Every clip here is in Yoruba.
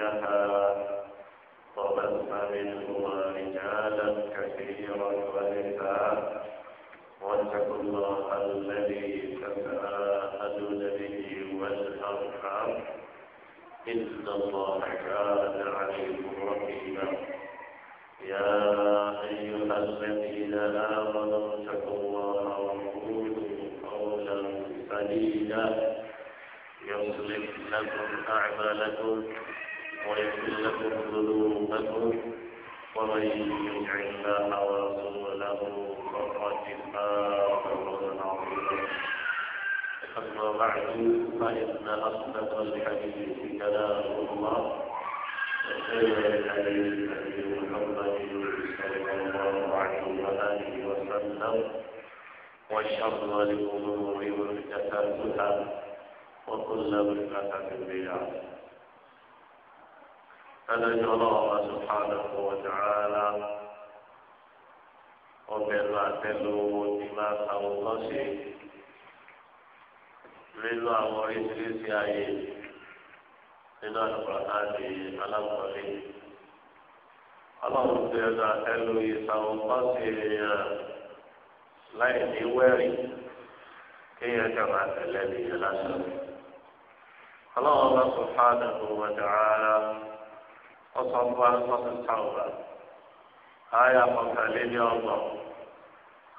لها وبث منهما رجالا كثيرا ونساء واتقوا الله الذي تساءلون به والارحام ان الله كان عليكم رحيما يا ايها الذين امنوا اتقوا الله وقولوا قولا سديدا يصلح لكم اعمالكم ويغفر لكم ذنوبكم ومن يطع الله ورسوله فقد فاز فوزا عظيما اما بعد فان اصدق الحديث كلام الله وخير الحديث نبي محمد صلى الله عليه واله وسلم وشر الامور محدثاتها وكل محدثه بدعه adájọ́ ọlọ́wọ́ subhanahu wa ta'ala ọbẹ̀ lọ àtẹ́lu owó ní máa ta ọkọ sí lílo àwọn oríṣiríṣi ààyè nínú àlùkòrán àti alákọ̀ọ́lé ọlọ́run ti ẹnu àtẹ́lu ìsàwọn ọkọ sí èèyàn láì ní wẹ́rì kéèyàn kàmá àtẹ̀lẹ́ nìyẹn lásán ọlọ́run subhanahu wa ta'ala ọsàn fún alùpàtà tàwùrà àyà mọ̀kànlélí ọgbọ̀n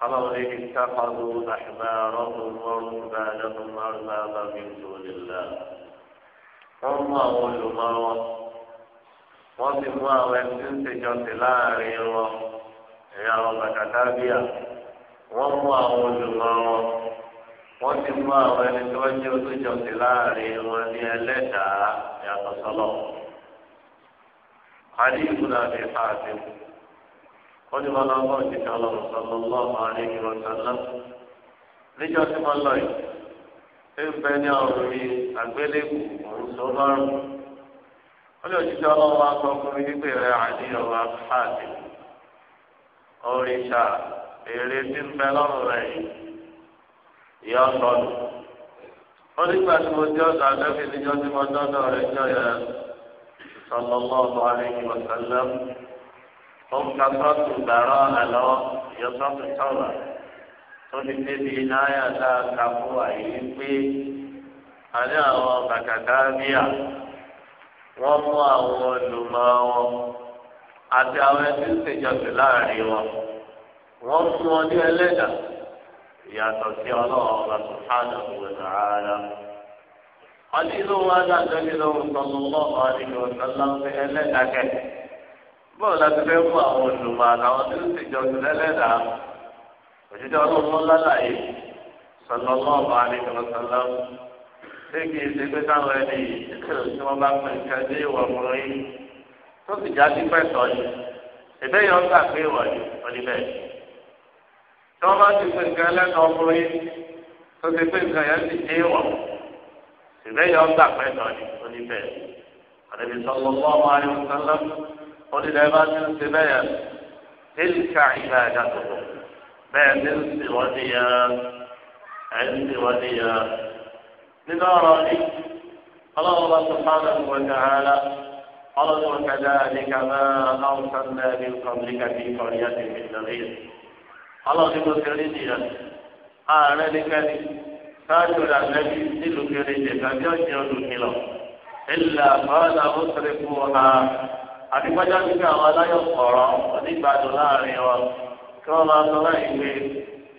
ọlọ́run ní ìtàkọ́dù àṣùbárọ́dù wọ́n bá lẹ́nu márùnlá bàbí ìjòlélá wọ́n mú àwọn olùmọ̀wọ́ wọ́n sì mú àwọn ẹni tí ń ṣèjọ́sìn láàrin wọn ẹ̀yà àwọn bàtàkà bíà wọ́n mú àwọn olùmọ̀wọ́ wọ́n sì mú àwọn ẹni tí wọ́n jẹ́ olùjọ́sìn láàrin wọn ní ẹlẹ́dàá yàtọ̀ sọ́lọ́wọ́. علي بن أبي حاتم قد بلغ الله صلى الله عليه وسلم níjọ́ tí wọ́n lọ yìí ń bẹ ní àgbélébù rẹ èrè tí ń bẹ rẹ yìí nígbà tí mo tí mo rẹ jọ صلى الله عليه وسلم هم كثرة البراء له يصف الصبر تلك بناية لا تقوى إيبي أنا وفك كامية وما هو اللماء àti àwọn ẹbí ń ṣèjọsí láàrin wọn wọn fún ọ ní ẹlẹ́dàá ìyàtọ̀ sí ọlọ́run ọba sùhánà òwe sàárà ọdínlò wọn dàgbẹ́lẹ́ lọ́wọ́ sọlọ́lọ́ ọ̀rìn ọ̀sánláńfẹ́ ẹlẹ́dàkẹ́ bọ́ọ̀ láti fẹ́ fún àwọn olùmọ̀ àtàwọn tí ó sì jọ sí lẹ́lẹ́dàá òṣìṣẹ́ ọlọ́run lálàyé sọlọ́lọ́ ọ̀rìn ọ̀sánláńfẹ́ ṣé kì í ṣe pé táwọn ẹni tí wọ́n bá pè nǹkan dé ìwọ̀ ọkùnrin yìí tó sì já sí pẹ̀tọ́ yìí ìbẹ́ yọ ń gbà pé yìí wọ́n ní tí wọ́n bá ti pè nǹkan lẹ́nu ọkùnrin tó ti pè nǹkan yẹn sì dé sìlẹ́yìn ọgbà pẹ́ẹ́tọ̀ ni oníbẹ̀ àdébí sọ́kọ́ ọmọ ayọ̀ sọ́lá onílẹ̀ bá ti ń ṣe bẹ́ẹ̀ ẹ̀ẹ́dìkà ìgbà ẹ̀dá tó kọ̀ bẹ́ẹ̀ ní ń ṣe wọ́n ní yá ẹ̀ ń ṣe wọ́n ní yá nínú ọ̀rọ̀ ni ọlọ́run bá tó fáwọn ẹ̀kọ́ gàrà قالوا وكذلك ما أرسلنا من قبلك في قرية من نذير قالوا لمسلمين أعلى لكذلك sáájú rà lẹ́bí nílùú kéréje tàbí ọ̀sìn ọdún kìlọ̀ ilà bọ́ọ̀lá ó sọ̀rọ̀ fún wọn ha àdìgbọ́jọ́ nígbà àwọn aláyọ̀ kọ̀ọ̀rọ̀ onígbàdùn láàrin wọn kí wọ́n máa sọ láì gbé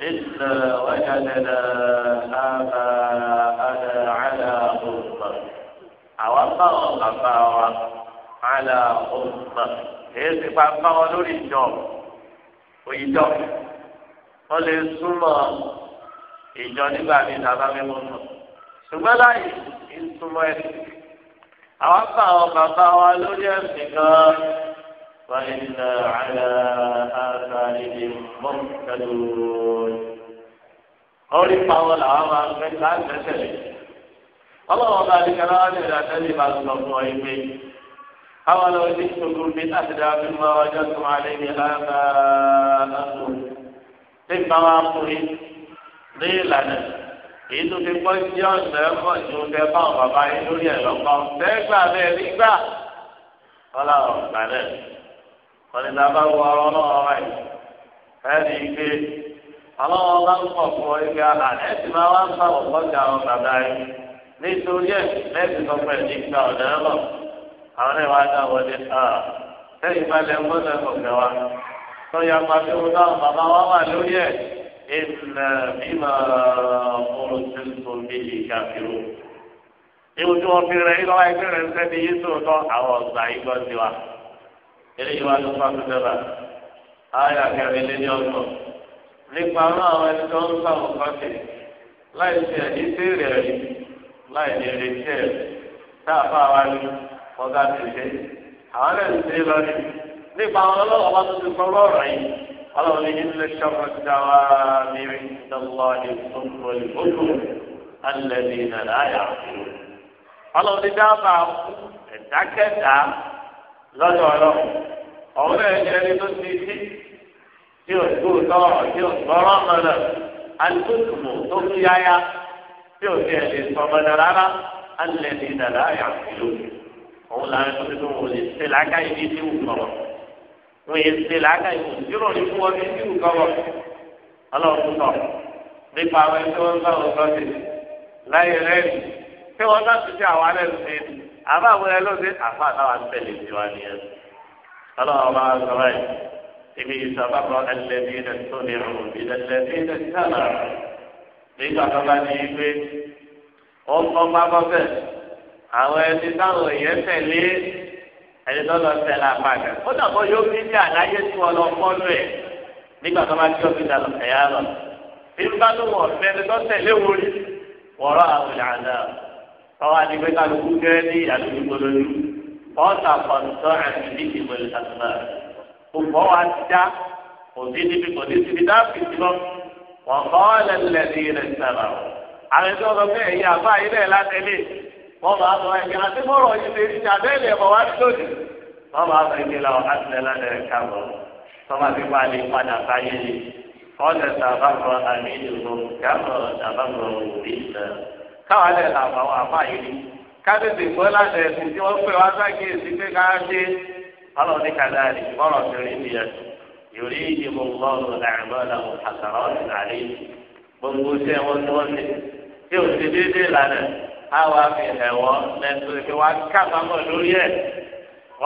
ilà wájàdẹ̀dẹ̀ àbá àdà àdà òmùmá àwọn báwọn bàbá wa àdà òmùmá èyí ti pa báwọn lórí ìjọ òyìnjọ wọ́n lè súnmọ́ ìjọ nígbà mi tàbá mi mú nù. ṣùgbọ́n láyé ìtumọ̀ ẹ̀ àwọn bá àwọn bàbá wa lórí ẹ̀sìn kan wọ́n ń lọ àlà àtàlẹ́lẹ́ mọ́kàlù. orí pàwọn làwọn máa ń gbẹ́sà gbẹ́sẹ̀lẹ̀. ọlọ́wọ́n bá ní kẹlẹ́ wá ní ìdásẹ́lẹ̀ bá sọ fún ọ àwọn lọ sí ìṣòro bíi láti dá bí mo ọjọ́ tó máa lé ní ní ìlànà èyí tó fi gbọ́ jẹ́ ọ̀nà ẹ̀kọ́ ju ọ̀nà bá wọn bàbá yín lórí ẹ̀ lọ́kọ́ fẹ́gbà bẹ́ẹ̀ nígbà wọn làwọn gbà náà wọn ní ta bá wọ ọ̀rọ̀ náà wáyé ẹni ike ọlọ́wọ́ bá ń pọ̀ fún ọ ike àná ẹ̀sìn máa wá ń bá ọ̀pọ̀ jà ọ bàbá yín nítorí ẹ̀ lẹ́sìn tó pẹ̀ ní ìgbà ìnà mímà ọ̀rọ̀sẹ̀tò méjì káfíò. Ewu tí wọ́n fi rẹ̀ yín lọ́wọ́ ẹgbẹ́ rẹ̀ ń sẹ́ni yín sòótọ́ àwọn ọ̀gbà yín gbọ́ sí wa. Eléyìí wá ló fásitì dẹ́bà. Ayà kẹrin lé ní ọ̀sán. Nípa ọ̀nà àwọn ẹni tó ń sàwọn kọ́sì láì ṣe ẹ̀yìn sí rẹ̀ rí láì ní retí ẹ̀ dáàbà wa ni ọ̀gá ti ṣe. Àwọn ẹ̀sìn lọ ní nípa ọ̀nà ọlọ́wọ́ wa tó ti fọ́ lọ́rọ̀ yìí ọlọ́run ní ilé ṣọ́kọ̀ dáwà mìíràn ìdánwò ìfúnfún ìfúnfún alẹ́bí nàrà àyà ọlọ́run ní dábàá ẹ̀dákẹ́dá lọ́dọ̀ ọlọ́run ọ̀hún ẹ̀ ẹni tó ti sí tí o tó tọrọ tí o gbọ́rọ̀ mọ̀nà alùpùpù tó kú yáyá tí o tiẹ̀ lè sọ̀mọ̀nà rárá alẹ́bí nàrà àyà òun làwọn tó ti wọlé ṣe làákàyè ní ti wù sọ̀rọ̀ wọn yìí ṣe làákà yìí yóò ní fún wọn bí tí kò kọ́wọ́ ọlọ́run sọ nípa àwọn ẹni tí wọ́n ń bá wọn sọ sí láyé lẹ́yìn tí wọ́n bá ti ṣe àwọn alẹ́ ṣe àbá àwọn ẹni ló ṣe àfa àtàwọn àtẹlẹ ti wá nìyẹn ọlọ́run bá wọn sọ báyìí ibi ìṣàbàbọ̀ ẹlẹ́bí rẹ̀ tó ní pé ó kọ́ pápá bẹ́ẹ̀ àwọn ẹni táwọn èèyàn tẹ̀lé ẹni tó lọ sẹ la fa gẹ ó dàbọ yóò fi ní àdáyé tí wọn lọ fọlú ẹ nígbà tó bá tí wọn fi dàlọ ẹyà lọ nígbà tó wọ ẹni tó tẹlé wọlé wọrọ àwọn àdá tọwọ adigun kálukú gẹ ní àdúgbò lórí pọta pọtọ àti bíkì pẹ̀lú àtúnà òpó wa ti òbí níbi kò ní síbi dá fìdí lọ wọn kọ́ ọ́ lẹ́nu lẹ́nu yìí lẹ́nu sábà wọ́n máa sọ ẹ̀yìn àti mọ́rọ̀ yìí lè rí àbẹ́lẹ̀ ẹ̀bọ̀ wá lónìí. wọ́n máa sọ ìdílé àwọn àtìlẹ́ lálẹ́ káàbọ̀ tọ́ba ti wá lè padà báyé ni ọ̀nà tàbàbọ̀ àmìlùmọ̀ káàbọ̀ tàbàbọ̀ òbí náà. káwọn alẹ́ làbàwọ̀ àbá yìí ni kábíyèsí gbọ́ láti ẹ̀sìn tí wọ́n pè wá sákèésí pé ká ṣe ọlọ́ọ̀ni kàdáàlì mọ́rọ̀ tẹ̀lé ni ẹ̀ yòrí ìdìbò lọ́rùn làbọ̀là àkàrà ọ̀sìn àlẹ́ gbogbo iṣẹ́ wọn tí wọ́n ṣe tí ò àwọn àmì ẹ̀wọ́ lẹ́nu ìpè wá kábàámọ̀ lórí ẹ̀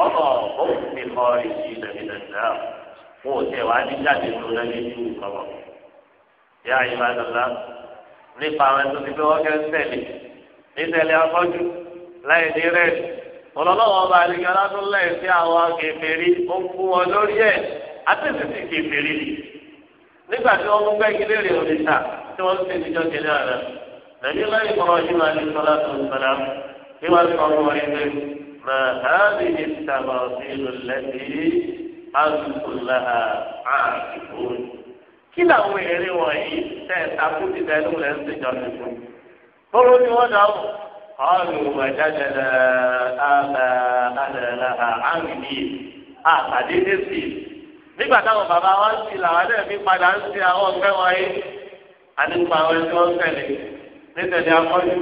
ọmọ òfin kọ́ ìṣí ìdàgbàsá fún òtẹ̀ wá ní jáde tó lẹ́nu ìlú ìkọ̀wọ̀. yá ìbá dọ̀lá nípa àwọn ẹ̀sùn tí wọ́n fẹ́ ṣẹlẹ̀ nítẹ̀lẹ̀ afọ́jú láì ní rẹ̀ ọlọ́lọ́wọ́ ọba àdìgbà látún lẹ́yìn sí àwọn kèfèrí ó fún wọn lórí ẹ̀ àtẹ̀sẹ̀sẹ̀ kèfèrí nígbà tí wọ́n mú gbẹ́gilé rẹ̀ òrìṣà tí wọ́n ń ṣe ìjọ نبينا إبراهيم عليه الصلاة والسلام هو القوم ما هذه التماثيل التي أنتم لها عاكفون كلا هو يري وعي سيتعبون تدانون أنت جرمكم قولوا لي ودعوا قالوا وجدنا آباءنا لها عاملين àtàdé ní nígbà táwọn bàbá wa ń ti làwọn náà padà ń ti àwọn ọgbẹ́ wọn yìí àti àwọn ẹni tí wọ́n ń nítẹ̀lé akọ́jú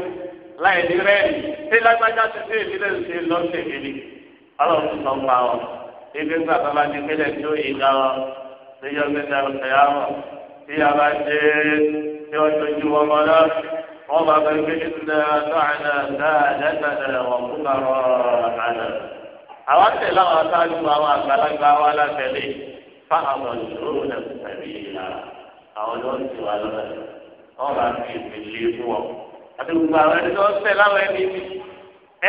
láì ní rẹ́ẹ̀lì tí lágbájá ti dé ìdílé ṣe lọ́sẹ̀ kìíní ọlọ́run sọ fún àwọn ibi gbà bàbá ti pélé tó ìgbà wọn tí yọ gbẹdẹ ọ̀sẹ̀ àwọn tí a bá ṣe tí wọ́n tójú wọn mọ́ lọ wọ́n bá bẹ gbé nítorí àtọ́ àná dáadáa wọn kú bá rọ àná. àwọn tẹ̀lé àwọn aṣáájú àwọn àgbàlagbà wa látẹ̀lé fáwọn ọ̀dọ́ òun náà tẹ̀lé àwọn ọ̀dọ́ ti wà lọ́dọ̀ ọba ti ìpèsè fún ọ àti gbogbo àwọn ẹni tó ń tẹ láwọn ẹni ní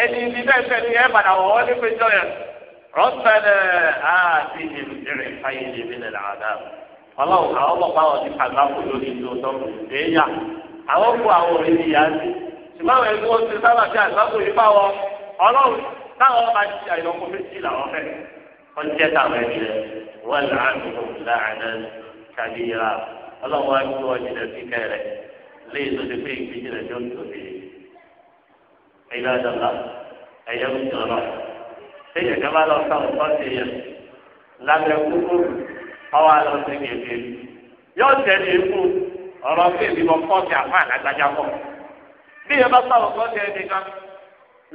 ẹni ní bẹ́ẹ̀ fẹ́ ni ẹ padà wọ̀ ọ́ ní péjọ yẹn rọ́pẹ́lẹ́ àti ìrìn fáyé ní ìbílẹ̀ làdá ọlọ́run àwọn ọmọ ti kàgbá kò lórí àwọn àwọn ni yàá ṣùgbọ́n ẹni wọ́n ti sábà fi àgbákò wọn ọlọ́run táwọn ti àyọkọ méjì làwọn fẹ́ wọ́n jẹ́ ẹni rẹ̀ wọ́n làánù ọlọ́run wá gbé wọn jìnnà sí kẹrẹ léyìn tó ti pé ìgbé jìnnà tó ń tòbi ẹ̀yìn àdàlà ẹ̀yẹ ń jọ lọ. Téèyàn kan bá lọ sáwọn sọ́ọ̀tì yẹn lábẹ́ kúkú ọwọ́ àlọ́ sí kẹ̀kẹ́. Yóò tẹ̀lé ikú ọ̀rọ̀ fún èmi mọ kọ́ọ̀tì àfáà lágbájá pọ̀. Bí yẹn bá sáwọn sọ́ọ̀tì yẹn nìkan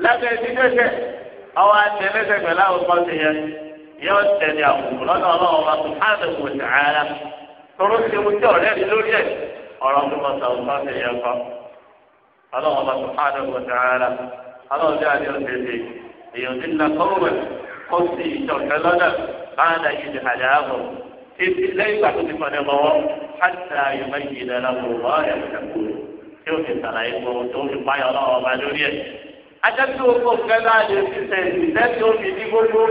lábẹ́ ẹni lẹ́sẹ̀ ọwọ́ àti ẹlẹ́sẹ̀ pẹ̀lú àwọn sọ́ọ̀tì yẹn yóò tẹ̀lé àwòrán náà ọlọ́run tọrọ ṣe mo jẹ ọ̀rẹ́ mi lórí ẹ ọ̀rọ̀ mi mọ sàwọn bá ṣe yẹn kọ Ọlọ́run ọba sùpáàdé wọn ti rárá Ọlọ́run bí adé ọsẹ ṣe èèyàn ti la kọrọ wẹ kó sì ìjọkẹ lọdà báyà náà yìí ti hàlẹ ààbò títí lẹ́yìn ìgbà tó ti fọ ní ọmọwọ hàtà ìmọ yìí lẹla kò wọ ẹ kẹkọọ tí o ti sàlàyé fún tó fi báyọ Ọlọ́run ọba lórí ẹ ajáde owó kẹlẹ àdé ti sẹ ìdẹ́sí omi ní gbogbo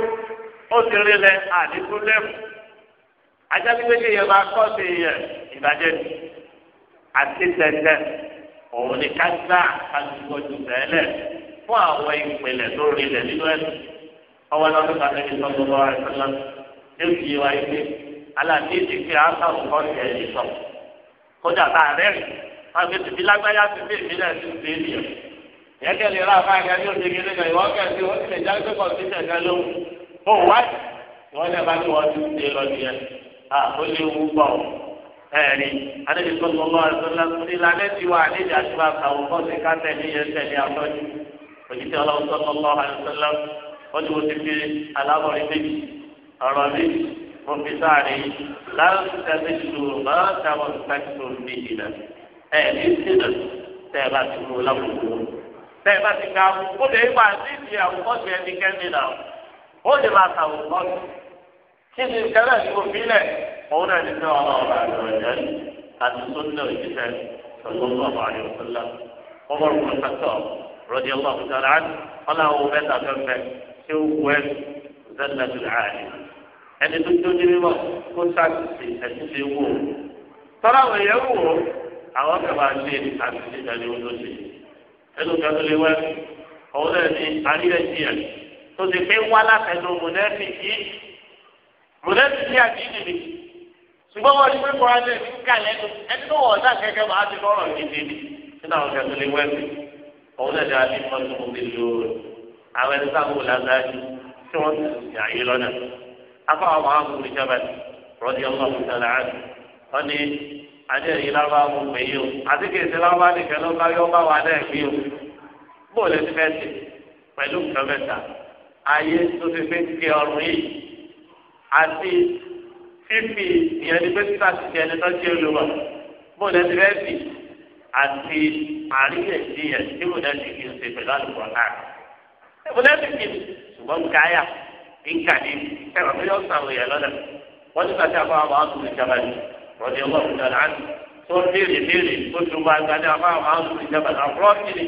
ó ti rí lẹ àdínkù lẹ́mù ajagbegbe yẹn máa kọ́ sí yẹ ìbàjẹ́ ni àti tẹ̀tẹ̀ òun ni kágbá kájúwọ́jú tẹ́lẹ̀ fún àwọn ìpìlẹ̀ tó rinlẹ̀ nínú ẹ̀sìn ọwọ́ lọ́dún kàtẹ́ ní sọ́dún lọ́wọ́ ẹ̀sìn náà yóò fi wá ilé aláàbí ìdíkì àtàwọn kọ́ sí ẹ̀yìn sọ kódà bá rẹ̀ wọn fi tìbí lágbáyà ti fi ìbílẹ̀ sí ti ìlú yẹn yẹn kẹ́lẹ́ ra fáyà ní oṣù kìíní kan ìwọ́n kẹ́sì wọ́n ti lè jágbé kọ́ sí tẹ̀tẹ̀ lóhùn Ah, ó lé wú bọ̀ ẹ̀rí adébí sọ́kọ́ lọ́wọ́ ẹ̀sọ́lá ìlànà ti wà nídìí àtúbà àtàwọn kọ́sì káńtẹ̀ ní yẹn tẹ̀lé àtọ́jú òjijì ọlọ́wọ́ sọ́kọ́ lọ́wọ́ ẹ̀sọ́lá wọ́n ti wọ́n ti fi alábọ̀rin méjì ọ̀rọ̀ méjì mo fi sáré láti tẹ̀síṣù máa tẹ̀wọ̀ tẹ̀síṣù bá ti mú lábùkù tẹ̀ bá ti ká ó lè wà náà ó lè máa tàwọn kọ́sì kí ni kẹlẹ tí mo fi lẹ òun náà ní sẹ́wọ̀n náà ọba àti ọ̀jẹ́ àti sọ́nà òjíṣẹ́ sọ́nà ọba àti ọ̀sọ́lá ọmọ òkú sọ́tọ̀ rọ́dí ọba òkú sọ́tọ̀ àti ọláwó mẹ́ta fẹ́fẹ́ tí ó wú ẹ zẹ́lẹ̀ tó lè àyè ẹni tó tó níbi mọ́ kó sáàtì ẹni tó ó tọ́lá àwọn èèyàn ó àwọn kẹfà ṣe àti ìdàlẹ́ wọn tó ṣe ẹnu kẹfà lè wẹ́ náà ní àríyànjiyàn tó ti pé wá látẹnu mùnẹ́fì mọ̀lẹ́bí ní àdínì ni ṣùgbọ́n wọ́n ti pé kọ́ra lè ní kàlẹ́ nu ẹni tó wọ̀ ọ̀dà kẹ́kẹ́ máa ti lọ́rọ̀ gidi ni nínú àwọn kẹ́kẹ́ lè wẹ́ẹ̀sì ọ̀hún ẹ̀dá ní mọ́tò òbí lóore àwọn ẹni sábà wò lágbájú tí wọ́n ti sùn àyè lọ́nà afáwọn máa ń kú ní jábà rọ́dí ọlọ́run tẹ̀lé àná wọ́n ní adé yìí lọ́wọ́ àwọn òpè yìí o àti kì í bá yọ bá àti fífi ìyẹn ní pé títà ti jẹ ẹni tó jẹ olùmọ̀ bóun ẹni bẹ́ẹ̀ bì àti àríyànjiyàn tí bóun ẹni kì í ṣe pẹ̀lú àlùkò náà. bóun ẹni kì í ṣùgbọ́n káyà nígbà ní ẹ̀rọ tó yọ sàwọn èèyàn lọ́dà wọ́n ti gbàtí àbá àwọn àwọn ìjọba ni wọ́n ti wọ́n fún ọ̀dà tó ń béèrè béèrè tó tún bá gbàtí àbá àwọn àwọn ìjọba náà rọ́ọ̀kì ni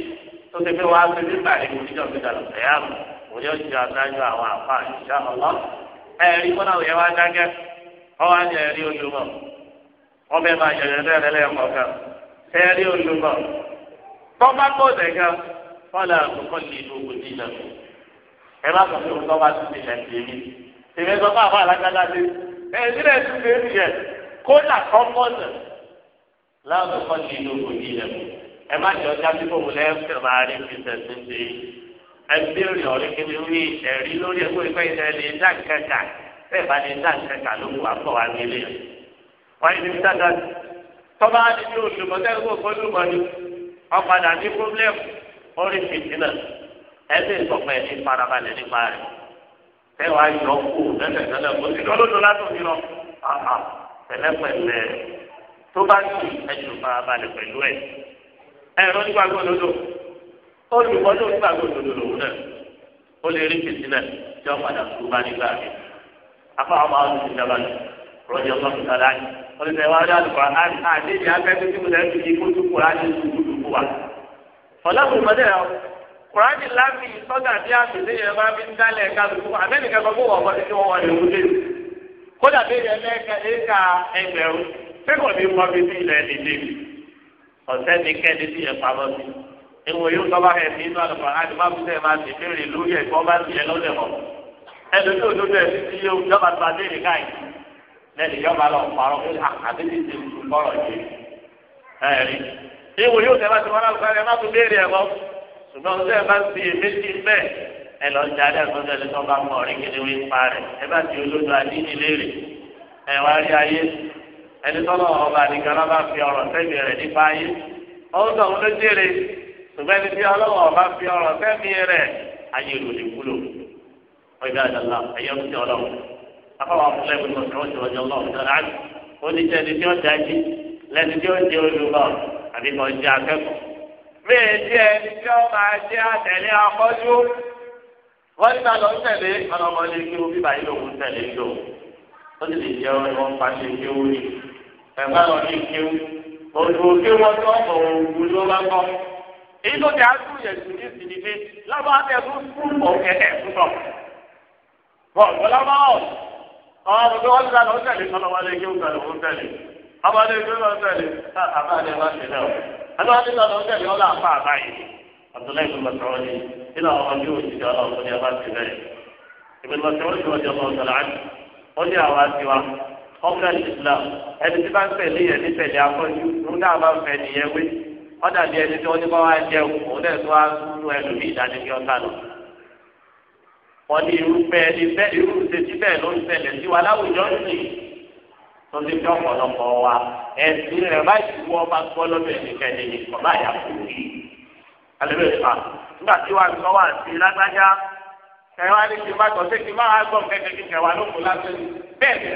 tó ti fi wá sí nígbà ní oníjọ́ gbẹdàlọ́ ẹ̀yà òní ọ̀jọ́ àdájọ́ àwọn àfa ìṣá ọlọ́ọ̀ ẹ̀rí kọ́nà òye wá dákẹ́ ọwọ́ àti ẹ̀rí olùmọ̀ ọbẹ̀ máa yẹ̀yẹ̀ lẹ́rẹ̀ lẹ́ẹ̀kọ́ kan ẹ̀rí olùmọ̀ tọ́ba tó dẹ̀ka fọlá àkọ́kọ́ ní gbogbo nílẹ̀ ẹ má sọ fún tọ́ba tó ti lẹ̀ sí mi èmi sọ fún àbá alágbádá sí ẹ̀sílẹ̀ tó ti rí yẹ kódà kọ́kọ́sẹ̀ láàkọ́kọ́ ní gbogbo nílẹ̀ ẹ má jọ jáde fún òun lẹ́ẹ̀fẹ̀ ẹgbẹ́rin ọ̀rẹ́ kele wí ẹ̀rí lórí ẹgbẹ́ ìfẹ́ ìtẹ́lẹ̀ ní dáńkẹ́kà bẹ́ẹ̀ bá ní dáńkẹ́kà ló wà fọ́ wa nílé. wọ́n ti dáadáa tọ́ba ní ní olùmọ̀ tẹ́lifọ̀ fọ́lùmọ̀ ni ọ̀padà ní pọ́blẹ́mù orí fìtínà ẹgbẹ́ ìsọ̀pẹ́ ní farabalẹ̀ nípa rẹ̀. ẹ wá yọ kú lẹ́sẹ̀kẹ́lẹ́ kó ti lọ́dọ̀ látòkì lọ pẹ̀lẹ́pẹ̀lẹ́ tó bá ní ẹjọ́ farabalẹ̀ pẹ̀lú ẹ̀ ẹ̀rọ nígbàgbọ́ lọ́dọ̀ olùkọ́ ló gbà gbòdòdò lòun náà ó lè rí fìtí náà tí wọ́n padà tó bá nígbà rẹ̀ afáwọn máa ń tún dábàá lọ rọ́jì ọlọ́run sára ní olùkọ́ ìwà ọ̀dọ́ àlùkò àdéhìí abẹ́tẹ́ tí mo lẹ́ fi ní kótó kúrò á ní ìdúdú wa. ọlọ́run mọ́tẹ́ ọ kùránì lámì sọ́gà bí àmìlẹ́ yẹn máa fi ń dálẹ̀ kálukú àmẹ́nìkan kan kó wọ̀ ọmọdé tí wọ́n wọ ìwú lé kódà bí yẹn ẹ̀ka ẹgbẹ̀rún fẹ́kọ̀ọ́ ní mọ́bí sí ilẹ̀ ẹ̀ ìwò yóò tọ́ bá ẹ̀mí inú àlùkò àti má bùtẹ́ máa ti béèrè lórí ẹ̀kọ́ bá ti yẹ lọ́dẹ̀ mọ́. ẹnu tó dodo ẹ̀ ti yóò jọba tó adé mi káyì lẹ́nu yọba lọ parọ́ pé ah, àbí ti ti tu bọ́rọ̀ yìí. ẹ̀rí ìwò yóò tẹ́ bá ti wọ́n àlùkò àti má tún béèrè ẹ̀kọ́ ṣùgbọ́n tó ẹ̀ bá ti yè méjì bẹ́ẹ̀ ẹ lọ jáde àgbọ̀dọ̀ ẹni tó bá ṣùgbọ́n ẹni tí ọlọ́wọ́ ọba fi ọ̀rọ̀ fẹ́mi rẹ̀ ayé ìròyìn wúlò ọjà àdàlà ẹ̀yọ́ ti ọlọ́wọ́ afọwọ́ afúnlẹ̀ mi kọ̀ ṣọ́ọ̀ṣì ọjọ́ ọlọ́wọ́ dára ó ní jẹ́ ẹni tí ó dájú lẹ́ni tí ó jẹ́ olùkọ́ àbí kò jẹ́ akẹ́kọ̀ọ́ bẹ́ẹ̀ tí ẹni tí ó máa jẹ́ àtẹ̀lé akọ́jú wọ́n nígbà lọ tẹ̀lé ọlọ́mọdé kí èyí tó ti àdúró yẹn sì ní sì ní pé lábá ẹ̀kú fún ọ̀kẹ́ ẹ̀kú náà. bọ́ọ̀lù lábá ọ̀ àwọn ọmọdé wọn ti lánàá ó tẹ̀lé sọ́nà wọn lé kí ó gbàlè ó tẹ̀lé abáde ìgbé lọ tẹ̀lé abáde wọn ti lẹ̀ ẹ̀lọ́ ti lọ́nà ó tẹ̀lé ọlọ́ àpá àbáyé àtúnlẹ̀ ìgbé mọ̀tọ́rọ́ ni nínú àwọn ọmọdé òṣìṣẹ́ ọlọ́run ni a ti lẹ̀ ìgbé ní àwọn àti tí bá ń tẹ̀lé yẹn ní tẹ̀lé akọ́jú nígbà bá ń fẹ́ nìyẹn wé ọ̀dà bíi ẹni tí wọ́n ní bá wá jẹun òun náà tó wá nú ẹlòmíì ìdánilẹ́ ọ̀tá lọ. wọ́n ní irúfẹ́ ẹni bẹ́ẹ̀ irú ìṣesí bẹ́ẹ̀ ló ń ṣẹlẹ̀ sí wa láwùjọ sí tó ti fi ọ̀pọ̀lọpọ̀ wa ẹ̀sìn rẹ̀ báyìí wọ́n bá gbọ́ lọ́dọ̀ ẹnikẹ́ni ní kí n bá bẹ́ẹ̀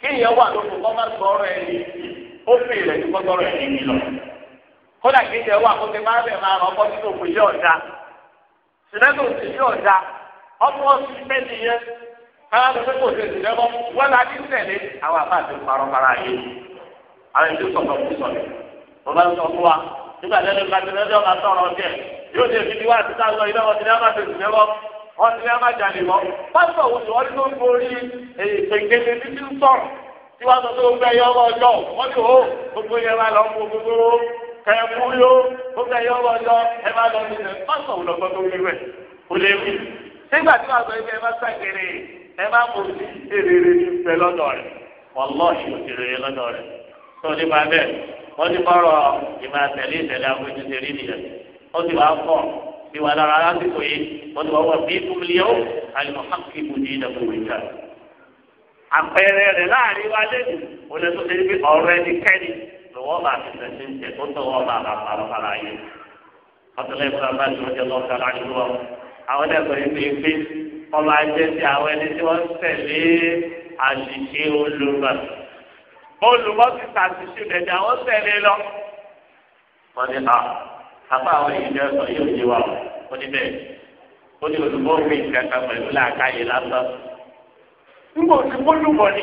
kí ìyẹn wà lóko kọ́ má sọ ọ̀rọ̀ ẹni ó fi ìrẹ̀lú kọ́ sọ̀rọ̀ ẹni lọ kódà kí ìjẹ wà kó ti máa bẹ̀ máa rọ ọkọ nínú òkú yìí ọ̀dà sinẹ́tò sí yìí ọ̀dà ọmọ sí mẹ́lì yẹn káyọ̀ tó kò sí ìdílé bọ́ wọ́n la ní tẹ̀lé àwọn àbá àti parọ́ para yìí àwọn ìdí sọ̀tọ̀ kú sọ̀tọ̀ tó bá ń sọ fún wa nígbà tẹ́lẹ̀ nígbà tẹ́lẹ̀ ọjọ́ máa sọ̀rọ̀ ọ̀dẹ̀ yóò dé ibi wá àtúntà lọ ilé wọn ti ní a máa tẹ̀sí lẹ́wọ́ wọn ti ní a máa jalè wọ́ pásítọ̀ wo ni wọ́n ti ń borí ègbègbè títí ń sọ̀rọ̀ tí wọ́n sọ pé ó fẹ́ yọ ọmọ ọjọ́ wọ́n ti hó gbogbo yẹn máa lọ fún gbogbo ẹ̀kú yó ó fẹ́ yọ ọ́ lọ ẹ má lọ sí ẹ̀ fásitì òun lọ́gbọ́n tó wí rẹ̀ kò lè wí. nígbà tí wàá sọ ibi ẹ bá sàgẹ̀rẹ̀ ẹ má mú sí èrèrè ìfẹ́ lọ́dọ̀ rẹ̀ wàlọ́ọ̀ṣì òṣèré lọ́dọ̀ rẹ̀ tó nípa bẹ́ẹ̀ wọ́n ti bọ́rọ̀ ìmọ̀ àtẹ̀lé ìtẹ̀lé àfojúsí rí nìyẹn ó ti wàá pọ̀ bí wàá lára lásìkò yìí wọ́n ti wọ́n wọ̀ bí kúmílíọ̀ àpẹẹrẹ rẹ̀ láàrin wa lẹ́nu òun lè tó ṣe ní bí ọ̀rọ̀ ẹnikẹ́ni lọ́wọ́ bá ti tẹ̀sí ń tẹ̀ tó tọwọ́ bá bá parapara yìí ọtọlẹ fún abá tí wọn jẹ lọ kára àwọn ẹgbẹ́ yìí fi fi ọmọ ajé ti àwọn ẹni tí wọn tẹ̀lé àṣìṣe olùmọ olùmọ ti ṣàṣìṣe lẹni àwọn tẹ̀lé lọ wọn ni à àbá àwọn ìjọ ẹsọ yóò yé wa ó ní bẹ́ẹ̀ ó ní olùmọ mi kẹkẹ pẹ̀lú làákàyè lásán ń bò sí bólúbọ ni.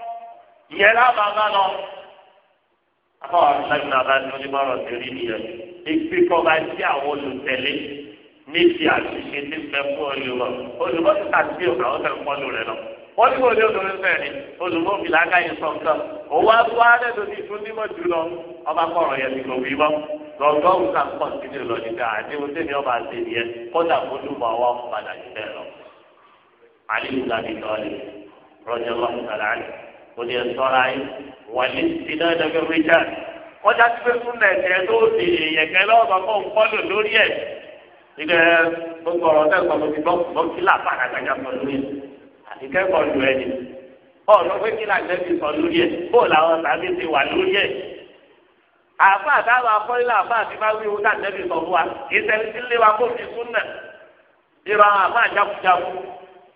ìyẹn lábàá bá lọ. àbáwá fúlàní náà bá ní onímọ̀ràn tẹ̀lé nìyẹn ìfi kọ́ bá sí àwọn olùtẹ̀lé níbi àṣìṣe tí ń bẹ fún olùwọ̀ olùwọ̀ ti tàbí àwọn tẹ̀ pọ́nù rẹ̀ lọ. wọ́n ní wọlé olórí fẹ́ ni olùwọ̀ fi sọ nǹkan òun á wá lẹ́nu ní ìtún nímọ̀ jùlọ ọba kọ̀ọ̀rọ̀ yẹn ti kò wí mọ́ lọ́gọ́ òǹkà pọ̀ sínú ìlọ́dìgbà àti ohun tẹ̀mí ọba àti ìyẹn kọ́dà fojúbọ̀ àwọn ọmọ padà jù bẹ́ẹ̀ lọ. àlejò kò lè sọ́ra yín wọlé iná ìdọ́gbẹ́ wíjà wọ́n já sí pé súnà ẹ̀jẹ̀ tó di èèyàn kẹ́ lọ́wọ́ bàbá òun kọ́ lò lórí ẹ̀ ìgbẹ́ gbogbo ọ̀rọ̀ tẹ́kọ̀ọ́ ló ti gbọ́ gbọ́ kí là bá àgàgà pọ̀ lórí ẹ̀ àti kẹ́kọ̀ọ́ lù ẹni ọ̀rọ̀ pé kí là jẹ́ ti sọ lórí ẹ̀ bó làwọn tàbí ti wà lórí ẹ̀ àfa àtàwọn afọ́lélà àfa àti máa wí ìwúta tẹ́bi sọ fún wa ìṣẹ́ni tí lé wa kó fi súnà ìrọ̀ àwọn àfa àjàkújàkú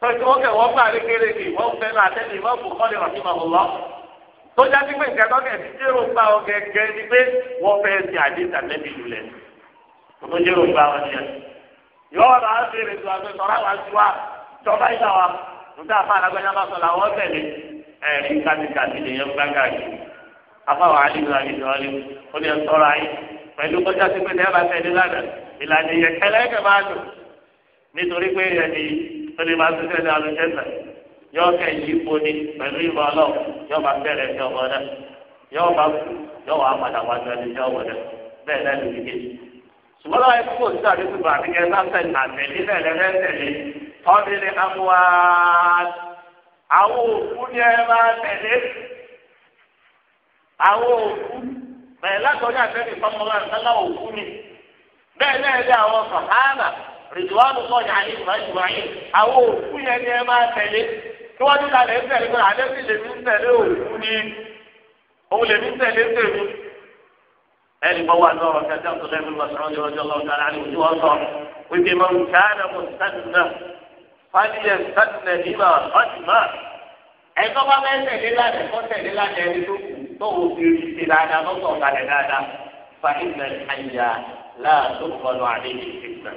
tọ́jú wọn kẹ wọ́n gbà lékeré kì wọ́n fẹ́ máa tẹ́lẹ̀ wọ́n bù kọ́lé rọ̀ síma wọ́n lọ. tó jáde pé nǹkan tó kẹ̀ ṣé ló gba ọ gẹ́gẹ́ ni pé wọ́n fẹ́ ti àdéhùn àtẹ́bí lulẹ̀. tó jẹ́ ló gba ọ ní ẹ̀. yọ̀ọ́ bá fèrè tó a fẹ́ sọ̀rọ̀ àwọn àti wa jọba ìgbà wa nígbà fún alágbèjà bá sọ̀rọ̀ àwọn tẹ̀lé ẹ̀rí kàtìkàtì lèyàn gbàgàdì. afáwọn àdìgbò àdìgbò tóní máa tún fẹ́ ní alùjẹ́sà yóò kẹ́ yí poni pẹ̀lú ìmọ̀ ọlọ́run yóò máa bẹ̀rẹ̀ ní ọmọ náà yóò máa kú yóò wá padà wá ju ẹni yóò wọ̀ náà bẹ́ẹ̀ náà lè dìde. ṣùgbọ́n láwọn ẹ̀kú kò sí àdínkù bá àti kẹta sẹ́yìn àtẹ̀lé bẹ́ẹ̀ lẹ́rẹ́ tẹ̀lé tọ́lélé amúhá àwọn òkú ni ẹ máa tẹ̀lé àwọn òkú bẹ̀rẹ̀ látọ̀jú àtẹ̀lé ìfọmọlá ìfẹ́lá òkú ni bẹ́ẹ̀ náà rìdùwánù náà ní alẹ́ ìgbà ìgbà yìí àwọn òkú yẹn ni ẹ máa tẹ̀lé kí wọ́n ti kalẹ̀ ń tẹ̀lé pé alẹ́ sì lèmi ń tẹ̀lé òkú ni òun lèmi ń tẹ̀lé tèmi. ẹnì kan wà lọ́rọ̀ kẹta tó lẹ́nu lọ́sọ̀rọ̀ ní ọjọ́ lọ́wọ́ tààrà ní ojú wọn sọ wípé mọ nǹkan mọ sátìmá fàdíyẹ sátìmá ìmọ̀ ọ̀tìmá. ẹ̀kọ́ bá fẹ́ tẹ̀lé lánàá ẹ̀kọ́ tẹ̀lé lánàá ẹni tó kù tó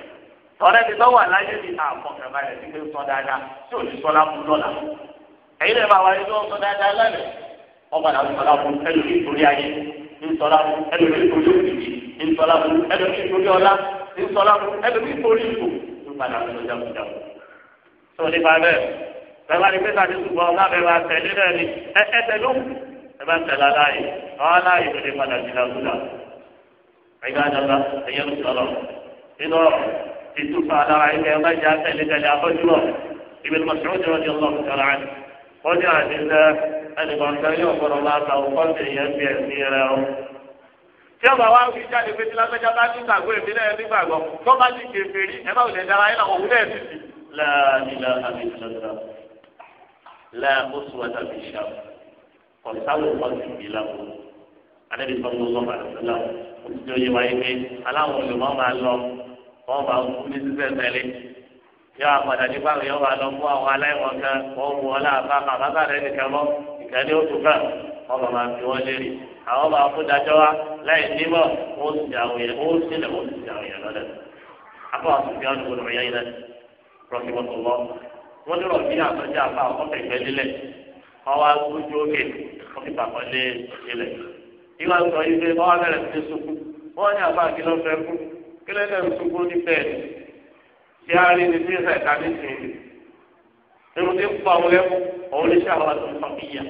tọ́lẹ́ ti lọ́wọ́ aláyé ni àfọ̀kànbalẹ̀ ti fi sọ dáadáa tí ò ní sọ lábùú lọ́la èyí lè máa wáyé tó ń sọ dáadáa lálẹ́ ọba náà sọ lábùú ẹlòmí torí ayé ńsọ lábùú ẹlòmí torí òkìkí ńsọ lábùú ẹlòmí torí ọlá ńsọ lábùú ẹlòmí torí ìlú nípa náà sọ jáwéjáwé. tó o nípa bẹ́ẹ̀ bẹ́ẹ̀ bá ní pé káàdì ṣùgbọ́n ọlá bẹ́ẹ̀ bá tẹ̀lé náà ni ẹ ẹ tẹ̀lú ẹ bá tẹ̀lé aláì aláì tó lè padà jìnnà gbúdà. ẹ̀yin àjọba ẹ̀yẹ́ ń sọ̀rọ̀ inú ọ̀rọ̀ ìtúfà alára ilẹ̀ ọba ìjà tẹ̀lé tẹ̀lé abọ́júwọ̀ Ibn Mas'ud radiyallahu ta'ala anhu. wọ́n ní àdínlẹ̀ ẹnìkọ̀ọ̀kan yóò gbọ́dọ̀ máa ta òkọ́ tèèyàn bí ẹ̀sìn rẹ̀ o. tí ọba wa fi jáde pé tilágbẹ́já bá ní gbàgbọ́ èmi náà ní gbàgbọ́ tó bá ní kèfèrí ẹ bá wùlẹ̀ dára yín àwọn òwúlẹ̀ ẹ̀sìn sí. láàbìlà àbíkìlọ́dọ̀ láàbùsùwàtà bìṣà kọ̀ọ̀sáwò kọ́ọ̀sì ìlàbù adébísọ̀ wọn bá wù ní sísẹ mẹlẹ yọ àpàdà nípa yọ wà lọ mú àwọn aláìwọn kan wọn mú ọlá àbá àbábá rẹ nìkan mọ ìkà ní oṣù kan wọn bá máa fi wọn léèrè àwọn bá fún dájọ wa láì nímọ wọn sì jà òye wọn sì lẹ wọn sì jà òye lọlẹ àbá wọn sì fi ọdún gbọ́dọ̀ yẹn lẹ rọbì wọn tó lọ wọn ní rọbì àtọjá àbá ọkọ ìgbẹ lílẹ ọwọ́ agbójú òkè wọn fi bàbá lé ilẹ̀ ìwà sọ ife ọwọ́ abẹ́rẹ́ ti sùkú wọn ní àbá àkìlọ fẹ fún kílẹ̀ tẹ̀ ń sunkún níbẹ̀ tí a rí ní sísè ká ní sèlè irun tí ń pa òun lẹ́kù òun ní sàwọn àti fàmìyà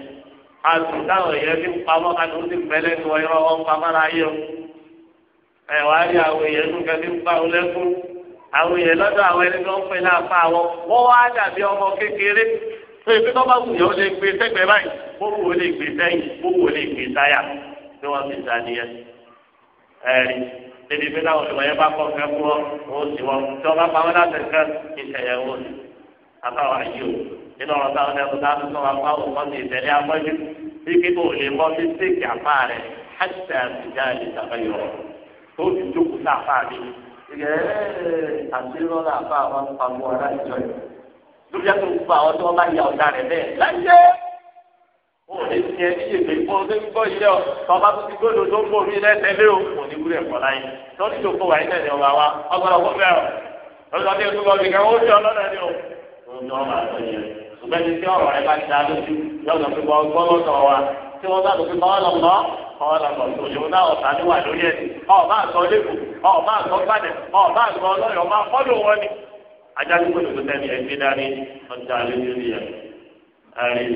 àtún táwọn èèyàn ti ń pamọ́ àtún ti pẹ́lẹ́ tó ẹ̀rọ wọn pamọ́ra yẹ o ẹ̀ wá rí àwọn èèyàn tó kẹ́ ti ń pa òun lẹ́kù àwọn èèyàn lọ́dọ̀ àwọn ẹni tó ń pè láàfà wọn wọ́n wá dàbí ọmọ kékeré pé ibi tó bá wù yẹn ó lè gbé sẹ́gbẹ̀ẹ́ báyìí gbogbo ó lè gbé sẹ́yìn gbogbo ó lè gbé sáyà tí wọ́n fi sa nìyẹn ẹ̀rí débi pé táwọn ìwà yẹn bá kọ́ fẹ́ fún ọ wọn ò sì wọn tí wọn bá pa wọn láti ẹ̀ka ìṣẹ̀yẹ̀ wọn ni àbáwá yìí o nínú ọ̀rọ̀ táwọn ẹ̀kọ́ táwọn tó wà pa òkọ́ ní ìtẹ̀lé apọ́jú bí kíkó lè mọ mísíkì àpá rẹ̀ àṣìṣe àtijọ́ ìṣàfẹ́yọ̀ tó ti jókòó sí àpá mi. ìgbẹ́ àti lọ́la àpá àwọn pàmò òní ti ẹni yèlé fún ọdún gbọ́ yìí ọ tọba tó ti gbọ́dọ̀ tó ń bò mí lẹsẹlẹ o kò ní wúlò ẹ̀kọ́ láyé lórí ìjòkó wà nílẹ̀ ní ọba wa ọgbọ́dọ̀ kó bẹ ọ lọsọ ní ìlú ọbì kan ó ti ọlọ́dọ̀ ni o. òun ọmọ àtọ yẹn ṣùgbọ́n ti tí ọ̀rọ̀ rẹ bá ti dá lójú lọ́dọ̀ pípa ọgbọ́n lọ́dọ̀ wa tí wọ́n bá lóbi kọ́ ọlọ́mọ kọ́ ọlọ́mọ òṣèlú náà ọ̀tá níwà lórí ẹ̀ ọ̀ọ́mà àgbọ̀ lẹ́kọ̀ọ́ ọ̀ọ́mà àgbọ̀ gbàdẹ̀ ọ̀ọ́mà àgbọ̀ ọlọ́yọ̀ọ́mà fọ́dọ̀ wọn ni. ajá ló gbọdọ̀ tó tẹ́lẹ̀ ẹgbẹ́ dání ọjà lójú rí ẹ̀ ẹ̀rí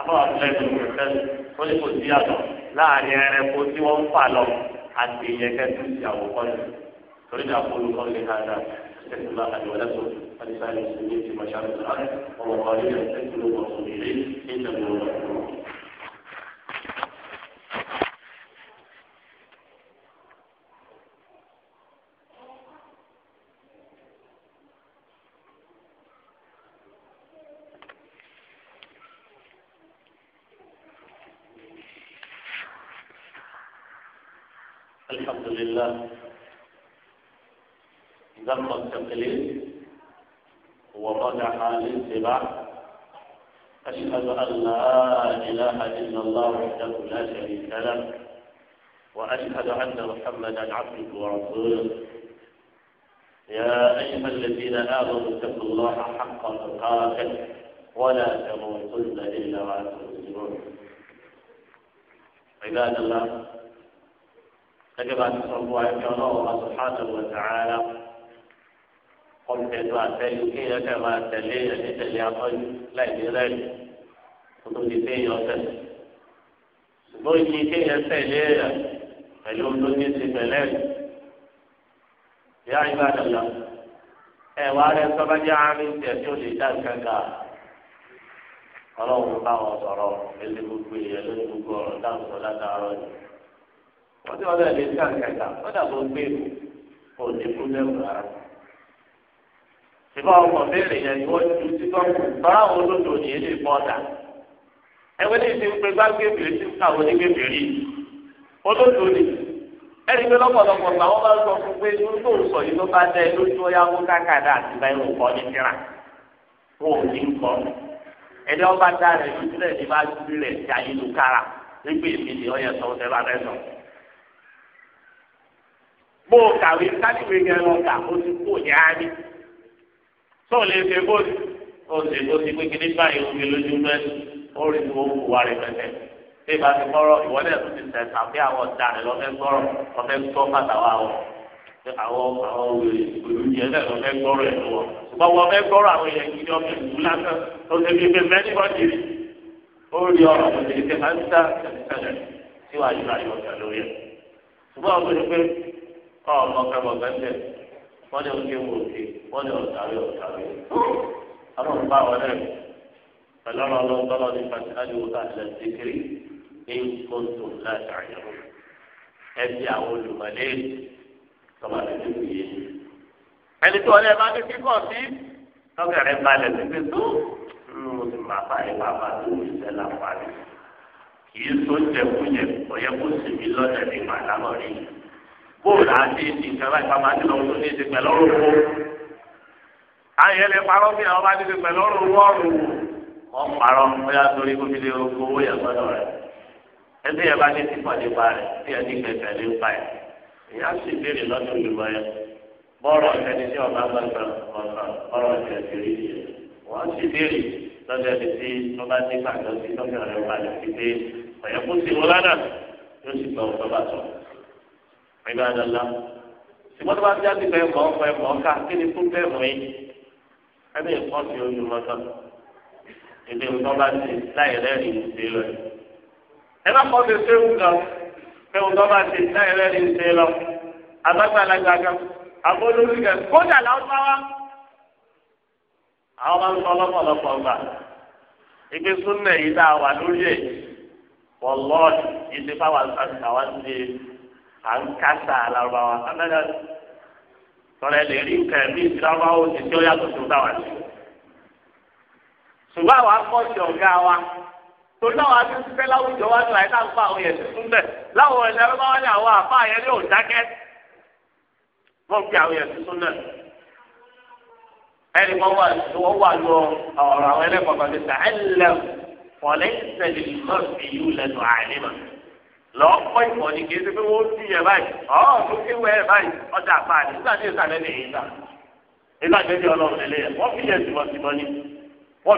afọwọ́ àtúnṣe ìlú rẹ̀ ó ní kò sí àtọ̀ láàrin ẹranko tí wọ́n ń fà lọ àti ìyẹ̀kẹ́ tó ti àwòkọ́ ni torí náà kó olùkọ́ lè ha dá ẹ̀sìn bá àdìwọ́lẹ́sọ àdìsáyẹ̀ sí ní ti mọ̀ṣáláṣí ọmọkùnrin ẹ̀sìn ló wọ̀ الحمد لله ذم التقليد ورجع الانتباع أشهد أن لا إله إلا الله وحده لا شريك له وأشهد أن محمدا عبده ورسوله يا أيها الذين آمنوا اتقوا الله حق تقاته ولا تموتن إلا وأنتم مسلمون عباد الله gẹ́gẹ́ bá ti sọ fún wa ẹgbẹ́ ọlọ́run wa subhanahu wa ta'ala ọ̀pẹ̀lú àtẹ̀lé kí èèyàn kẹ́ máa tẹ̀lé èèyàn ní tẹ̀lé afọ́jú láì ní rẹ́ẹ̀lì kó tó di pé èèyàn tẹ̀lé. ṣùgbọ́n ìdí kí èèyàn tẹ̀lé èèyàn pẹ̀lú ohun tó ní ti pẹ̀lẹ́ rẹ̀. ìyá ìgbà dàgbà ẹ̀ wá rẹ̀ sọ́bàjẹ́ àárín tiẹ̀ tí ó lè dá nǹkan ọlọ́run bá wọn sọ̀rọ̀ pẹ̀lú wọ́n ti wọ́n lọ lè ká kẹta wọ́n dàbọ̀ gbé kò ní kú lẹ́wọ̀n rárá. ṣùgbọ́n ọkọ̀ béèrè yẹn ni wọ́n ju sí gọ́ọ̀mù bára wọn lòdò ní ilé bọ́ọ̀dà. ẹgbẹ́ ní ti ń pe bá gbé bèrè sí káwọn onígbé bèrè yìí. olódò ni ẹni pé lọ́pọ̀lọpọ̀ làwọn bá sọ fún pé ní tó sọ yìí ló bá dẹ lójú ọyá mú kákàdá àti báyìí wọn kọ́ ní tíra wọn ò ní kọ́ ẹni ọba dá rẹ̀ lójú rẹ̀ ní bá gbé rẹ̀ ti ayélujára nígbè mí ni ọyẹ sọ fẹ́ bá fẹ́ sọ bó o kàwé sáníwé yẹn lọ kà ó ti kó yáa ni tó o lè ṣe bó o ṣe bó ti pé kíní báyìí omi lójú mẹ́rin ó rí ìwọ òkú wa rẹ̀ pẹ̀lẹ́ bí ìbá ti gbọ́rọ̀ ìwọ́lẹ̀ tó ti tẹ̀ tàbí àwọn ọ̀daràn lọ́fẹ́ gbọ́rọ̀ lọ́fẹ́ gbọ́ pàtàwọ̀ àwọn àwọn àwọn olùjẹ náà lọ fẹ́ gbọ́rọ̀ ẹ lọ́wọ́ ṣùgbọ́n wọn fẹ́ gbọ́rọ̀ àwọn yẹn kí ni ọmọ ìlú lásán tó ṣe fi fẹsẹ̀ ní bọjì rí ó rí ọ̀rọ̀ òṣèlú tẹ máa ń sá tẹ́lẹ̀ tí wàá yọ àyọ ọjà lórí ẹ ṣùgbọ́n wọn fẹ́ pé ọmọ kẹmọ gbẹgbẹ wọn ni òkè wò òkè wọn ni ọtàwé ọtàwé àwọn ọba wọn náà pẹ̀lú ọ̀rọ̀ ọlọpàá ní pàṣípàṣẹ wò káàkiri àtìkiri ní kóńtò láti àyẹ̀wò ẹbí àwọn olùmọlẹ tọba tètè wù yé ẹni tí wọn lè bá ní kíkọ sí lọkẹrẹ balẹ̀ tètè tó nínú màmá yẹn bàbá tó ń ṣe láǹfààní kì í bóòlù àti ìjọba ìfàmà àti lọ́wọ́ tó ní ti pẹ̀lú ọ̀rọ̀ owó. ayẹyẹ lè parọ́ bí àwọn bá ti ti pẹ̀lú ọ̀rọ̀ owó ọ̀rọ̀ owó wọ́n parọ́ bóyá torí kó fi lè oko owó yẹn gbọ́dọ̀ rẹ̀. ẹbí yẹn bá ní ti pọ̀ nípa rẹ̀ bí ẹ ní kẹsẹ̀ ní pa ẹ̀. ìyá sì béèrè lọ́dún olùmọ̀ yẹn bọ́ọ̀rọ̀ ẹni tí ọba gbọ́dọ̀ bọ́ọ̀rọ̀ ẹni tí ọba ti ìgbà dàda ṣùgbọ́n tó bá ti jáde pẹ́ mọ́ pẹ́ mọ́ ká kí ni fún bẹ́ẹ̀ mọ́ yìí ẹni ìfọ́ sí ojú mọ́tọ́ èdè nǹkan bá ti láì rẹ́rìn ṣe lọ. ẹ má kọ́ fi ṣé wùgà pé nǹkan bá ti láì rẹ́rìn ṣe lọ. àbágbàlagbà kan àbólórí kan kódà làwọn bá wá. àwọn máa ń sọ lọ́pọ̀lọpọ̀ gbà ìgbé súnmẹ̀ yìí dáa wà lórí ẹ̀ wọ́n lọ́ọ̀dì ìdí à ń kásá alárúbáwá sábẹ́dá tọ́lá ẹ̀ lè rí nǹkan ẹ̀mí ìsìlámáwá ó yàtọ̀ tó bá wà sí. ṣùgbọ́n àwọn akọ́ṣe ọ̀gá wa torí náà wàá láwùjọ wá ní àyíká nípa àwọn ẹ̀sìn tún bẹ̀ láwọn ẹ̀sìn alárúbáwá ní àwọn àfa yẹn ní òǹdákẹ́ wọ́n fi àwọn ẹ̀sìn tún náà ẹni wọn wà wọn wà lọ ọ̀rọ̀ àwọn ẹlẹ́kọ̀ọ́ kan ti sà ẹ̀ lẹ́wọ̀n lọ́pọ̀ ìmọ̀ ni kì í ṣe pé wọ́n ti yẹ báyìí ọ̀ọ́ tó ké wẹ́ báyìí ọjà àpáàdé nígbà tí ìsàlẹ̀ lè yín ta nígbà tí ìdí ọlọ́run lè wọ́n fi yẹ ni wọ́n fi wà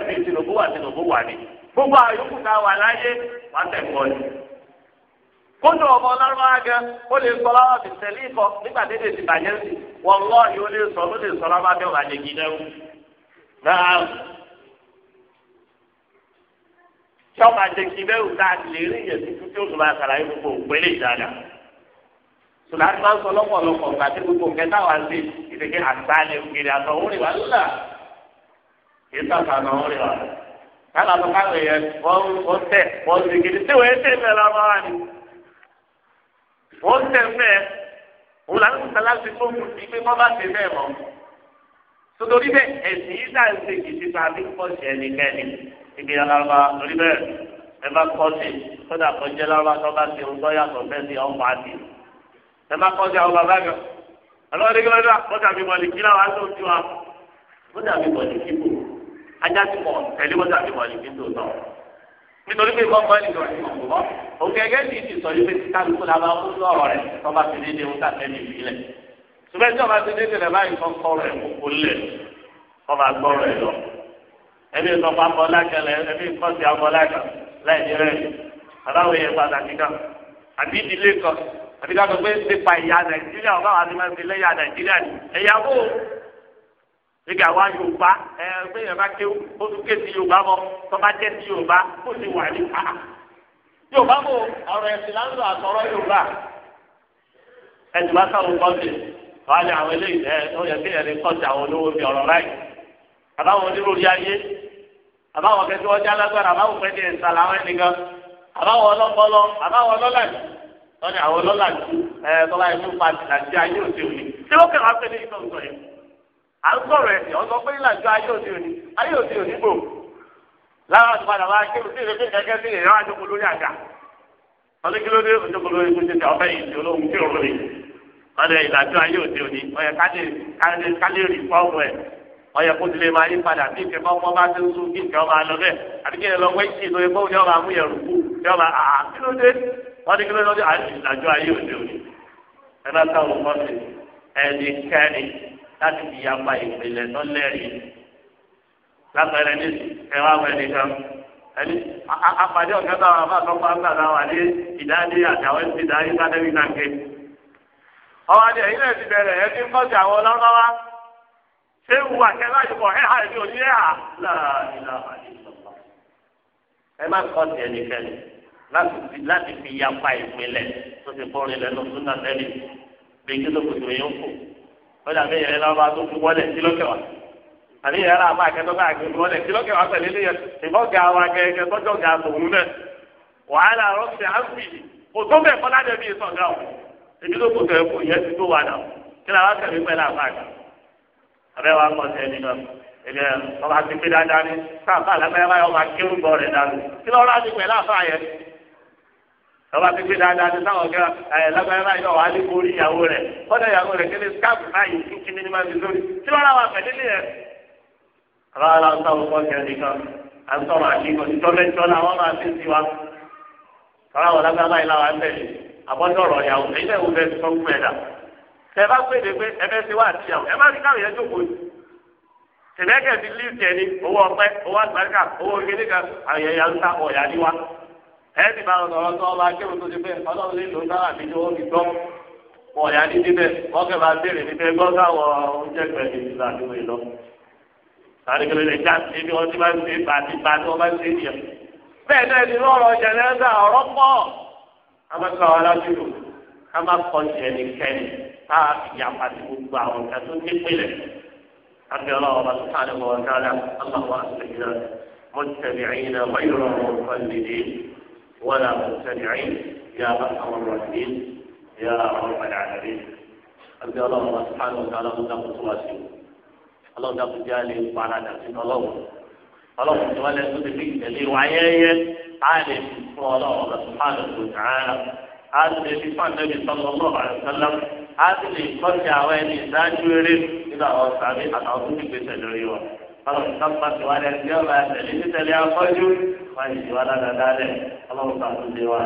wà gbogbo àyókù wà láyé wà tẹ̀kọ́ ni. ọmọ ó lè sọ fi tẹ̀lé nígbà tí èdè ti bàjẹ́ sí tí ọba àjẹsí bẹ́ẹ̀ ká lè rí yẹn tuntun tí oṣù máa sàlàyé gbogbo òpèlè ìdáná. sùlámù máa ń sọ lọ́pọ̀lọpọ̀ gbà tí gbogbo kẹta wà sí ìdíkẹ́ àgbálẹ̀ òkèèrè àtọ̀hún rẹ̀ wá lọ́la kì í sàkà àtọ̀hún rẹ̀ wá. kálá tó káwé yẹn wọ́n tẹ̀ wọ́n sì kiri tí wọ́n tẹ̀ mẹ́ wa ni. wọ́n tẹ̀ mẹ́ òun làwọn sàlá ti tó kù sí pé wọ́n bá ti bẹ́ẹ̀ mọ́. sotori bẹ́ẹ̀ ẹ̀sìn yìí ibi alárúbá lórí bẹ́ẹ̀ ẹ bá kọ́ sí sọ́dà kọjá lárúbá tó bá ti ń tọ́yàtọ̀ bẹ́ẹ̀ sí ọ̀pá àti ẹ bá kọ́ sí àwọn bàbá kan ọlọ́run nígbà náà wọ́n dàbí mọ̀lìkí láwọn aṣọ òjú wa wọ́n dàbí mọ̀lìkí bò ajá ti pọ̀ tẹ̀lé wọ́n dàbí mọ̀lìkí tó tọ̀ nítorí pé kọ́ mọ́ nìkan ti mọ̀ mọ́ òkèké ti ti sọ yìí pé kíkà lóko la máa ń sọ ọ̀rọ̀ rẹ̀ tó bá ti dédé ń tàbí ẹni ìbílẹ̀ ṣùgbọ́n tí wọ́n ti dédé rẹ̀ báyìí kọ́ kọ́ rẹ̀ kó lẹ̀ kọ́ máa gbọ́ rẹ̀ lọ ẹbí ìtọ́pá bọ́lákẹ́ lẹ ẹbí ìkọ́sí abọ́lákẹ́ láì ní rẹ̀ aláwọ̀ yẹn pàtàkì kan àbí ìdílé kan àbí ká sọ pé nípa ìyá nàìjíríà ọba wa ti máa fi lẹ́yà nàìjíríà ni ẹ̀yàwó ìgbà wa yorùbá ẹ pé yẹn bá kéwù ó tún ké sí yorùbá mọ tó bá jẹ́ sí yorùbá ó sì wà ní pa yorùbá mọ ọ̀rọ̀ ẹ̀sìn láńlọ àtọ̀rọ̀ yorùbá ẹ̀sìn wá sáwọn kọ́ọ̀sì wàá ní àwọn eléyìí ẹ̀ ó yẹ kí ẹ̀rín kọ́ọ̀sì àwọn olówó fi ọ̀rọ̀ láì àbáwọn onírúurú ayé A kẹsí wọn já lágbára àbáwọn fẹẹ tiẹ nsàlà àwọn ẹnìkan àbáwọn ọlọpọlọ àbáwọn ni lọdẹ àwọn ọlọlàjì ẹ tọba ẹni fún pàtì àti ayé òde òní tí ó kẹwàá fẹẹ ní ìtọ́ nǹkan yẹn à ń sọ̀rọ̀ ẹ̀ ọ̀ pé ayé òde òní ayé òde òní gbò láwọn àtúpadà wa kí òsì sí jókòó lórí àga ọdún kí ló dé òjókòó lórí yìí olóhùn òun rè ayé òde òní wọ́n yẹ kó tilẹ̀ máa yí padà bí ìfẹ́ kọ́kọ́ bá ti ń sún kí ìfẹ́ ọba lọ bẹ́ẹ̀ àti kí ẹ lọ wẹ́ẹ́ sí ìtòyẹ fóun ní ọba amúyẹ̀rù kú ní ọba àkílódé wọ́n ní kílódé ọdún àjọ ayé òde òní. ẹ bá ká òun kọ́sì ẹni kẹ́ni láti fi yapa ìpìlẹ̀ tó lẹ́rìí. lápẹ̀rẹ̀ ní ẹ wá wẹ̀ nìkan ẹni apàdé ọ̀gá táwọn afá àtọ́kọ́ àgbàdá wà ní ìdádé àtàwọn ìdáyé ṣé wù àṣẹ láti bọ̀ ẹ̀hà ẹ̀mí ò ní ẹ̀hà láàrínlá ẹ má kọ́ ti ẹnikẹ́ni láti fi yapa ìpínlẹ̀ tó ti kọrin lẹ́nu súnà tẹ́lẹ̀ bí kí ló kò tó yẹn kù wọ́n dàbí ìrẹ́ lọ́ba tó fi wọlé kí ló kẹwàá àbí ìrẹ́ lọ́ba akẹ́tọ́ bá àgbẹ̀ wọlé kí ló kẹwàá pẹ̀lú ilé yẹn ìbọn ga wa kẹ́kẹ́ tọ́jọ́ ga tòun náà wàhálà rọ́ọ̀sì àǹfìyì kò tó bẹ́ẹ̀ kọ́lá dẹ́bi ìsọ̀gá o èmi ló kò tó yẹ kù yẹn ti tó wà náà kí abẹ́ wa kọ́ sẹ́ni lọ ẹgbẹ́ ọba ti pé dáadáa ní sáfà lábẹ́rẹ́ báyọ̀ kéwù bọ̀ rẹ̀ dànù kí lọ́ọ́ rà ní pẹ̀lú àfà yẹn ọba ti pé dáadáa ní sáwọn ọ̀gá ẹ̀ lábẹ́rẹ́ báyọ̀ wà á borí ìyàwó rẹ̀ kọ́dọ̀ ìyàwó rẹ̀ kéde skáàpù báyìí kí kí ní máa fi lórí kí lọ́ọ́ rà wà pẹ̀lú ilé rẹ̀. ọba aláǹtà òkò kẹ́ni kan àǹtọ̀rọ̀ àdìgbò tọ́lẹ́tọ́ làwọn máa fi sí wa ọ̀rọ̀ àwọn lábẹ́rẹ́ báyìí tẹ bá pè ebe pé ẹ fẹ́ ṣe wá àtìyàwó ẹ má rí káwé yẹn jókòó yìí tẹlẹkẹ ti lé tiẹ ní owó ọpẹ́ owó àgbàríkà owó gidi kan àyẹyà ń ta níwá ẹ ti bá ọ̀rọ̀ tó ọba akéwòn tó ti Ọlọ́run gbọ́ ní níbẹ̀ máa béèrè níbẹ̀ tá a fi yàpá sí gbogbo àwọn nǹkan tó ní pínlẹ̀ àbí ọlọ́wọ́ bá tó sáré wọ ọ̀dáàdá aláwọ̀ àṣẹjìnà mọ̀tẹ̀lẹ̀yìn wáyọ̀rọ̀ mọ̀tẹ̀lẹ̀dẹ̀ wọ́n mọ̀tẹ̀lẹ̀yìn yà bá àwọn rọ̀dẹ̀ yà àwọn padàdàdẹ̀ àbí ọlọ́wọ́ bá tó sáré wọ ọ̀dáàdá aláwọ̀ tó wá sí ọlọ́wọ́ dàkú jáde paradà sí ọlọ́wọ́ ọlọ́wọ́ tó wá lẹ́sọ́ a ti lè fi fún àtẹ́bí sọ́kọ̀ ọ̀pọ̀ àtẹ́sọ́lá a ti lè kọ́sí àwọn ẹni ìdájú eré nínú àwọn sàbí àtàwọn tó ti gbèsè lórí wọn. Ọlọ́run sábà ti wá lẹ́sìn ọ̀la ẹ̀sẹ̀ ní títẹ̀lé afọ́jú wáyé ìwádàá dáadáa lẹ̀ ọlọ́run sábà ti wá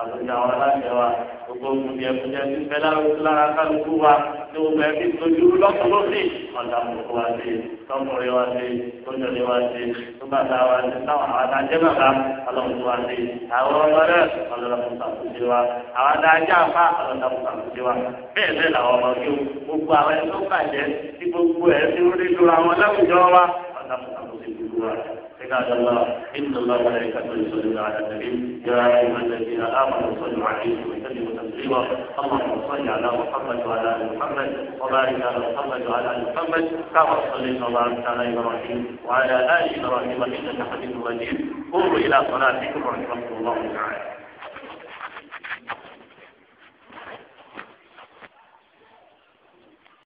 àtúntò àwọn aláṣẹ wa gbogbo òkùnjẹ òkùnjẹ ti fẹ́ lára kálukú wa ní gbogbo ẹbí tójú lọ́kùn lókè ọ̀dà mọ̀kú wa ṣe tọkùnrin wa ṣe tójọ́lé wa ṣe tóbàtà wa ṣe táwọn àwọn adájẹ́ bàbá ọlọ́mọdé wa ṣe àwọn ọmọ rẹ ọlọ́mọdé àtúnṣe wa àwọn adájẹ́ àfa ọlọ́mọdé àtúnṣe wa bẹ́ẹ̀ bẹ́ẹ̀ làwọn ọmọ yóò gbogbo àwọn ẹni tó bàjẹ́ tí gbogbo ẹ̀ ti rí lura wọn láwùjọ wa ọlọ́mọdé àtúnṣe عباد الله إن الله وملائكته يصلون على النبي يا أيها الذين آمنوا صلوا عليه وسلموا تسليما اللهم صل على محمد وعلى آل محمد وبارك على محمد وعلى آل محمد كما صليت وباركت تعالى إبراهيم وعلى آل إبراهيم إنك حميد مجيد قوموا إلى صلاتكم ورحمة الله تعالى